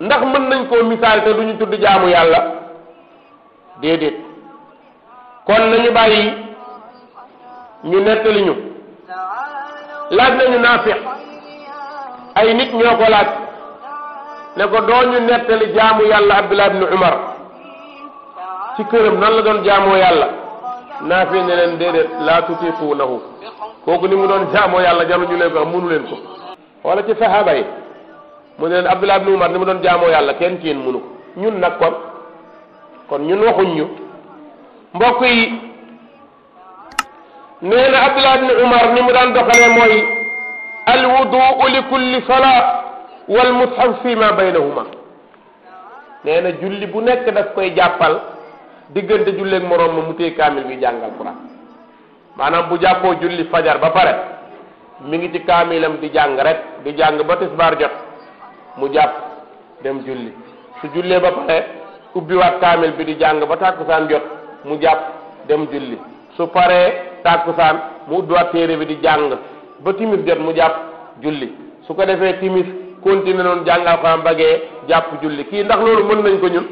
ndax mën nañ koo misaal te du ñu tudd jaamu yàlla déedéet kon nañu bàyyi ñu nettali ñu laaj nañu naafiq ay nit ñoo ko laaj ne ko doo ñu nettali jaamu yàlla Abdullah ibn Umar ci këram nan la doon jaamoo yàlla naafiq ne leen déedéet laa tutiquunahu kooku ni mu doon jaamoo yàlla jaruñu leen ko am munu leen ko wala ci saxaaba yi mu ne leen Abdullah ibn Umar li mu doon jaamoo yàlla kenn ci yéen munu ko ñun nag kon kon ñun waxuñ ñu mbokk yi nee na Abdullah ibn Umar ni mu daan doxalee mooy al li kulli salaat wal mushaf fi ma baynahuma nee na julli bu nekk daf koy jàppal diggante julleeg moroom ma mu téye kaamil bi jàngal Quran maanaam bu jàppoo julli fajar ba pare mu ngi ci kaamilam di jàng rek di jàng ba tisbaar jot mu jàpp dem julli su jullee ba pare ubbiwaat kaamil bi di jàng ba tàkkusaan jot mu jàpp dem julli su paree tàkkusaan mu waat téere bi di jàng ba timis jot mu jàpp julli su ko defee timis continué noonu jàng alxuraan bagee jàpp julli kii ndax loolu mën nañ ko ñun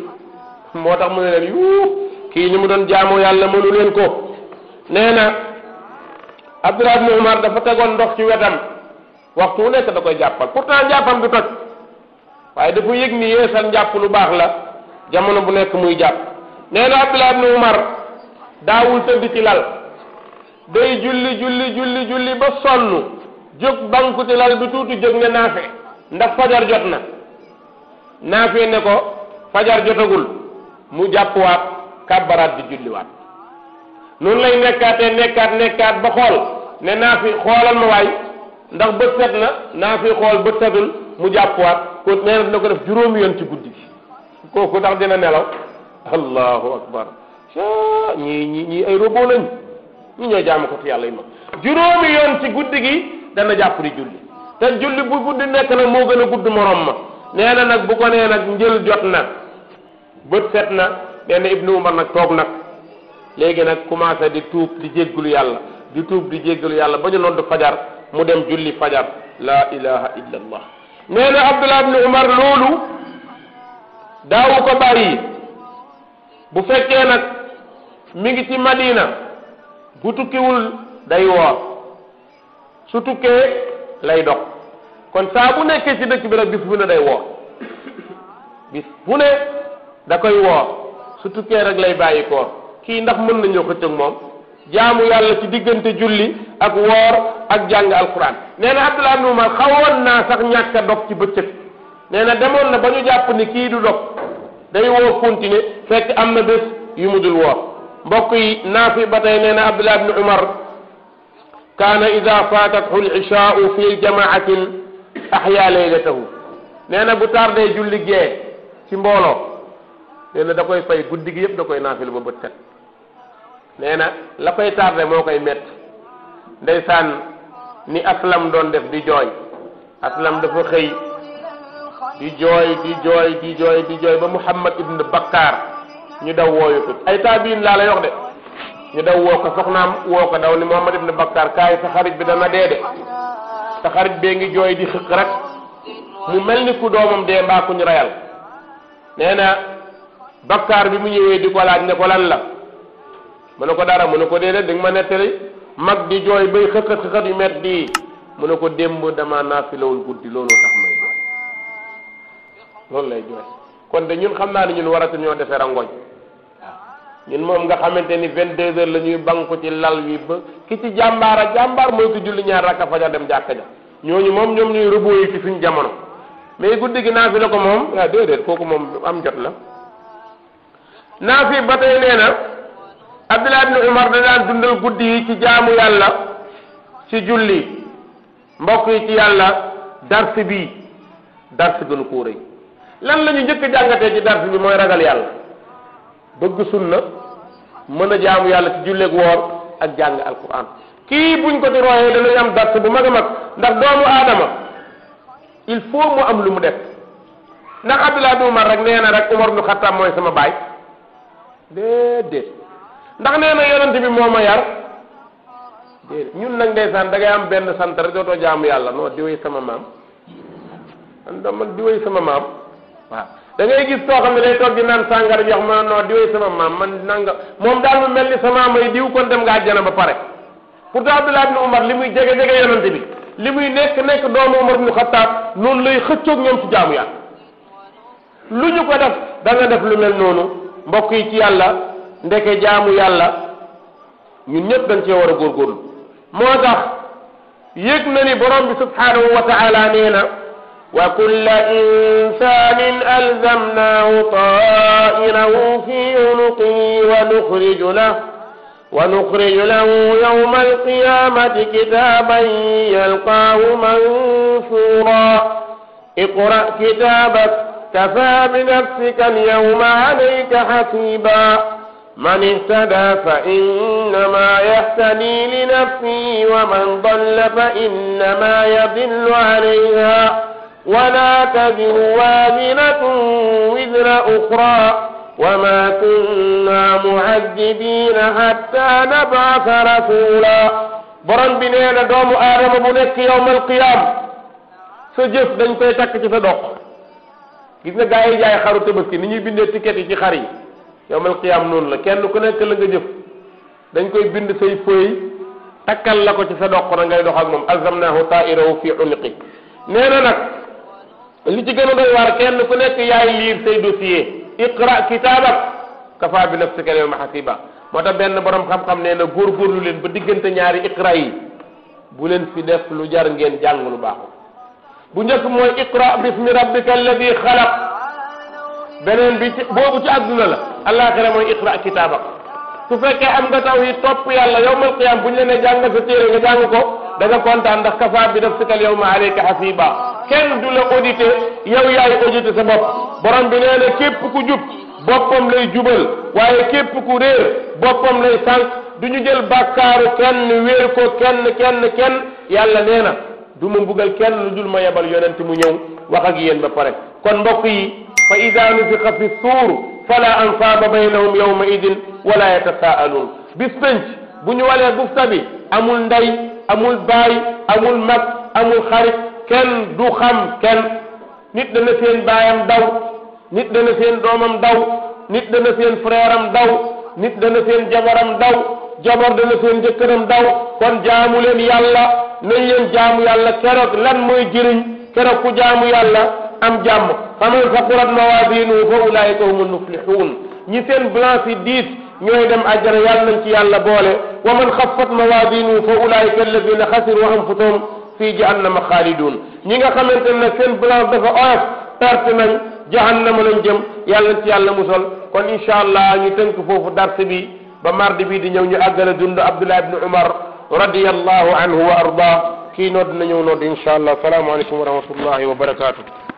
moo tax mu ne leen yuu kii ni mu doon jaamoo yàlla mënu leen ko nee na Abdullah ibn Umar dafa tegoon ndox ci wetam waxtu wu nekk da koy jàppal pourtant jàppam du toj waaye dafa yëg ni yeesal njàpp lu baax la jamono bu nekk muy jàpp nee na Abdullah ibn Umar daawul tëdd ci lal day julli julli julli julli ba sonn jóg banku ci lal bi tuuti jóg ne naafe ndax fajar jot na naafe ne ko fajar jotagul mu jàppuwaat kàbbaraat di julliwaat noonu lay nekkaatee nekkaat nekkaat ba xool ne naa fi xoolal ma waay ndax bët set na naa fi xool bët setul mu jàppuwaat ko nee na dina def juróomi yoon ci guddi gi kooku ndax dina nelaw allahu akbar ñii ay robot lañ ñoo jaamu ko ci yàlla yi mag juróomi yoon ci guddi gi dana jàpp di julli te julli bu guddi nekk nag moo gën a gudd morom ma nee na nag bu ko nee nag njël jot na bët set na nee na ibnu umar nag toog nag léegi nag commencé di tuub di jéggalu yàlla di tuub di jéggalu yàlla ba ñu nodd fajar mu dem julli fajar la ilaha illa allah nee na abdullah ibni umar loolu daawu ko bàyyi bu fekkee nag mi ngi ci madina bu tukkiwul day woor su tukkee lay dox kon saa bu nekkee ci dëkk bi rek bis bu ne day woor bis bu ne da koy woor su tukkee rek lay bàyyi koor kii ndax mën nañoo ko tëg moom jaamu yàlla ci diggante julli ak woor ak jàng alquran nee na Abdullah ibn Umar xawoon naa sax ñàkk a dog ci bëccëg nee na na ba ni kii dog day woo continuer fekk am na bés yu mu dul woor mbokk yi naafi ba tey nee na Abdullah ibn Umar kaana ida fatathu lishaau fi jamaatin axya leylatahu nee na bu tardee julli gee ci mbooloo nee na da koy fay guddi gi yëpp koy naafil ba bët nee na la koy tardé moo koy mett ndeysaan ni aslam doon def di jooy aslam dafa xëy di jooy di jooy di jooy di jooy ba Muhammad ibn Bakkaar ñu daw wooyu ko ay taabiin laa la yox de ñu daw woo ko soxnaam woo ko daw ni Muhammad ibn Bakkaar kaay sa xarit bi dama dee de sa xarit bee ngi jooy di xëq rek mu mel ni ku doomam dee mbaa ku reyal nee na Bakkaar bi mu ñëwee di ko laaj ne ko lan la mu ne ko dara mun ne ko déedéet di nga ma nettali mag di jooy bay xëqat xëqat yu met di mu ne ko démb dama naafilawul guddi looloo tax may jooy de ñun xam naa ne ñun waratu ñoo defee rangoñ ñun moom nga xamante ni vingt deux heures la ñuy banku ci lal wi ba ki ci jàmbaar a jàmbaar ñaar rakka fajar dem jàkka ñooñu moom ñoom jamono mais guddi gi naafi la ko moom waaw kooku moom am jot la naafi ba tey nee abdullah ibn umar da daan dundal guddi yi ci jaamu yàlla ci julli mbokk yi ci yàlla dars bi dars gënu koo rëy lan la ñu njëkk jàngatee ci dars bi mooy ragal yàlla bëgg sunna mën a jaamu yàlla ci julleeg woor ak jàng alquran kii buñ ko ci royee danañ am dars bu mag a mag ndax doomu aadama il faut mu am lu mu def ndax abdullah ibn umar rek nee na rek umar ibn xattaab mooy sama baay ndax nee na bi moo ma yar ñun nag ndeysaan da ngay am benn sant rek dootoo jaamu yàlla non diwéy sama maam man dama diwéy sama maam waaw dangay gis soo xam ne day toog di naan sàngara jox ma non diwéy sama maam man nanga moom daal mu mel ni sama maam ay diw kon dem nga àjjana ba pare pourtant Abdullah ibn Umar li muy jege jege yonent bi li muy nekk nekk doomu Umar ibn Xattaab noonu lay xëccoog ñoom ci jaamu yàlla lu ñu ko def da def lu mel noonu mbokk yi ci ndeke jaamu yàlla ñun ñëpp dañ cee war a góorgóorlu moo tax yëg na ni borom bi subhanahu wa taala nee na وكل إنسان ألزمناه طائره في عنقه ونخرج له ونخرج له يوم القيامة كتابا يلقاه منشورا اقرأ كتابك كفى بنفسك اليوم عليك حسيبا من اهتدى فإنما يهتدي لنفسه ومن ضل فإنما يضل عليها ولا تزر وازرة وزر أخرى وما كنا معذبين حتى نبعث رسولا برن بنينا دوم آدم بنك يوم القيام سجف دنتي تكتف دوق gis nga gaay yi jaay xaru tëbëski ni ñuy yowmal qiyaam noonu la kenn ku nekk la nga jëf dañ koy bind say fëy takkal la ko ci sa doq na ngay dox ak moom alzamnaahu taa'irahu fi unuqi nee na nag li ci gën a doy waar kenn ku nekk yaay liir say dossier iqra kitaabak kafa bi nafsika al-yawma hasiba moo tax benn borom xam-xam nee na góorgóorlu leen ba diggante ñaari iqra yi bu leen fi def lu jar ngeen jàng lu baaxul bu njëkk mooy iqra bismi rabbika alladi xalaq beneen bi ci boobu ci àdduna la allaaxira mooy iqra kitaabak su fekkee am nga taw yi topp yàlla yawmal qiyaam bu ñu la ne jàng sa téere nga jàng ko da kontaan ndax kafa bi daf sikal yawma alayka hasiba kenn du la audité yow yaay audité sa bopp borom bi nee na képp ku jub boppam lay jubal waaye képp ku réer boppam lay sànq du ñu jël bàkkaaru kenn wéer ko kenn kenn kenn yàlla nee na du ma mbugal kenn lu dul ma yebal yonent mu ñëw wax ak yéen فإذا نفخ في الصور فلا أنصاب بينهم يومئذ ولا يتساءلون بسنج بنيوالي بفتبي أمول داي أمول باي أمول مك أمول خارج كن دوخم كن نيت دنا سين داو نيت دنا سين داو نيت دنا سين داو نيت دنا سين داو جبر دنا سين داو كون جامولين يالا نيلين جامو يالا كروك لان موي جيرين كروك جامو يالا am jàmm faman saqurat mawazinuhu fa ulaika humu lmuflixuun ñi seen blanc yi diis ñooy dem àjjana yàlla nañ ci yàlla boole wa man xaffat mawazinuhu fa ulaika alladina xasiru anfusahum fi jahannama xaalidun ñi nga xamante ne seen blanc dafa oyof perte nañ jahannama lañ jëm yàlla ci yàlla musal kon incha allah ñu tënk foofu dars bi ba mardi bi di ñëw ñu àggale dund abdullah ibni umar radiallahu anhu wa arda kii nodd na ñëw nodd incha allah salaamaaleykum wa rahmatullahi wa barakatuh